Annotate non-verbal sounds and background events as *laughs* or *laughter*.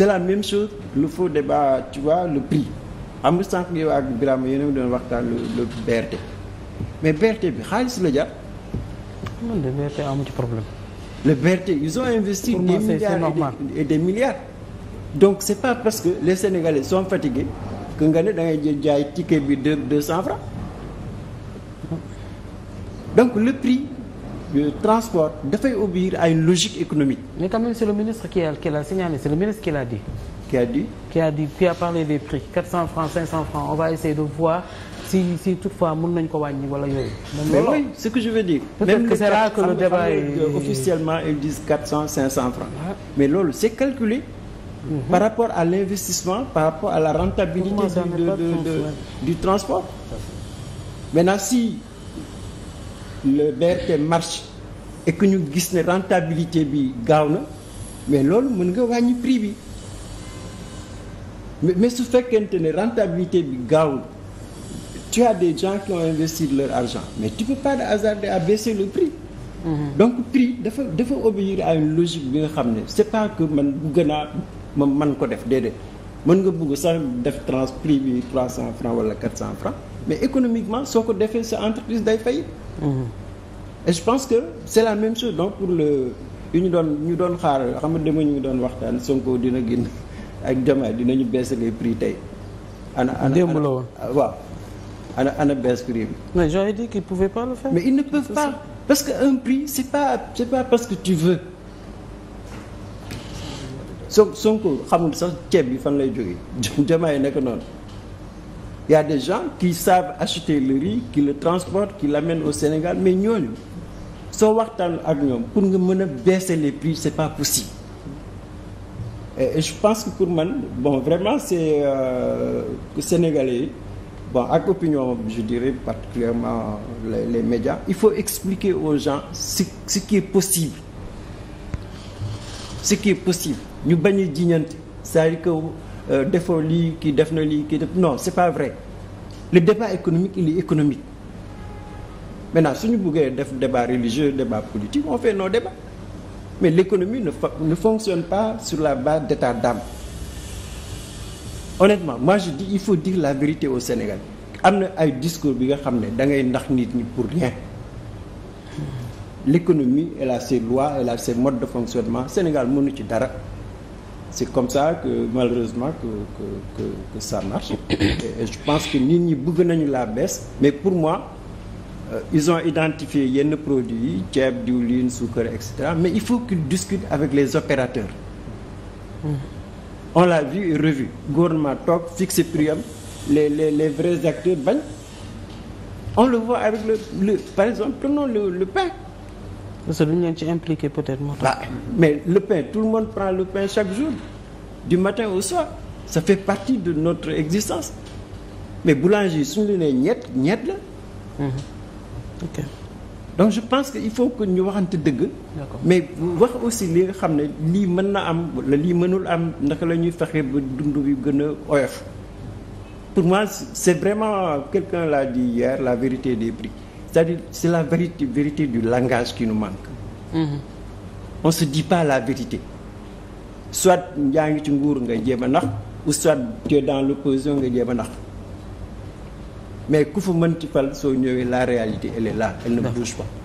c'est la même chose lu faut débat tu vois le prix am nga sànq yow ak Birame yéen a doon waxtaan le le BRT mais BRT bi xaalis la jar. man de BRT amu ci problème. le BRT ils ont investi. des milliards et des milliards. donc c'est pas parce que les Sénégalais sont fatigués que nga ne da ngay jël jaay ticket bi deux deux cent francs donc le prix. Euh, transport dafay obéir à une logique économique. mais quand même c'est le ministre qui a qui l'a signalé c'est le ministre qui l'a dit. qui a dit qui a parlé des prix francs francs on va essayer de voir si toutefois mën nañ ko wàññi wala yooyu. ce que je veux dire. même que c'est là que le débat est... officiellement ils disent francs. mais loolu c'est calculé. Mhm. par rapport à l'investissement par rapport à la rentabilité. du, de, de, de, si. le BRT marche et que ñu gis ne rentabilité bi gaaw na mais loolu mën nga wàññi prix bi mais su fekkente ne rentabilité bi gaaw na tu as des gens qui ont investi de leur argent mais tu peux pas te hasarder à baisser le prix mm-hmm. donc prix dafa dafa obéir à une logique bi nga xam ne c'est pas que man bëgg naa ma man ko def déedéet mën nga bugg sax def trans prix bi 300 francs wala 400 francs mais économiquement soo ko defee sa entreprise day fay. Mm-hmm. et je pense que c'est la même chose donc pour le yu ñu doon ñu doon xaar xam dem dama ñu doon waxtaan Sonko dina génn ak Diomaye dinañu baisse les prix tey. ana ana démb la ah, waaw ana ana baisse prix bi. mais j'aurais dit qu'ils pouvaient pas ne peuvent parce que un prix c'est pas c'est pas parce que tu veux. Son Sonko xamul sax ceeb bi fan lay jóge jógee *laughs* yi nekk noonu. ya y a des gens qui savent acheter le riz qui le transportent qui l'amènent au Sénégal mais ñooñu soo waxtaan ak ñoom pour nga mën a baisser les prix c'est pas possible et je pense que pour man bon vraiment c'est euh, Sénégalais yi bon ak opinion je dirais particulièrement les, les médias il faut expliquer aux gens ce ce qui est possible ce qui est possible ñu bañ a jiñante cest à Euh, defoo lii kii def na lii kii def non c'est pas vrai le débat économique il est économique maintenant suñu bëggee def débat religieux débat politique on fait nos débats mais l'économie ne ne fonctionne pas sur la base d'état d'âme honnêtement moi je di il faut dire la vérité au Sénégal am na ay discours bi nga xam ne da ngay nax nit ñi pour rien l'économie elle a ses lois elle a ses modes de fonctionnement Sénégal mënu ci dara c'est comme ça que malheureusement que que que, ça marche et, je pense que nit ñi bëgg nañu la baisse mais pour moi euh, ils ont identifié yenn produits yi ceeb diwlin suukar et cetera mais il faut qu'ils discutent avec les opérateurs on l'a vu et revu gouvernement toog fixe prix les les les vrais acteurs bañ on le voit avec le par exemple prenons le pain parce que duñu leen ci impliqué peut-être moo tax. Ah, mais le pain tout le monde prend le pain chaque jour du matin au soir ça fait partie de notre existence mais boulanger suñu la nee ñett ñett la. Mm-hmm. donc je pense que il faut que ñu waxante dëgg. mais wax aussi li nga xam ne lii mën na am wala lii mënul am naka la ñuy fexe ba dund bi gën a oyof pour moi c'est vraiment quelqu'un l'a dit hier la vérité des prix. c'est-à-dire c'est la vérité, vérité du langage qui nu manque mmh. que se dit pas la vérité soit yaa ngi ci nguur nga jéem a nax ou soit tu es dans l'opposition nga jéem a nax mais ku fa mën ci fal soo ñëwee la réalité elle est là elle na bouge pas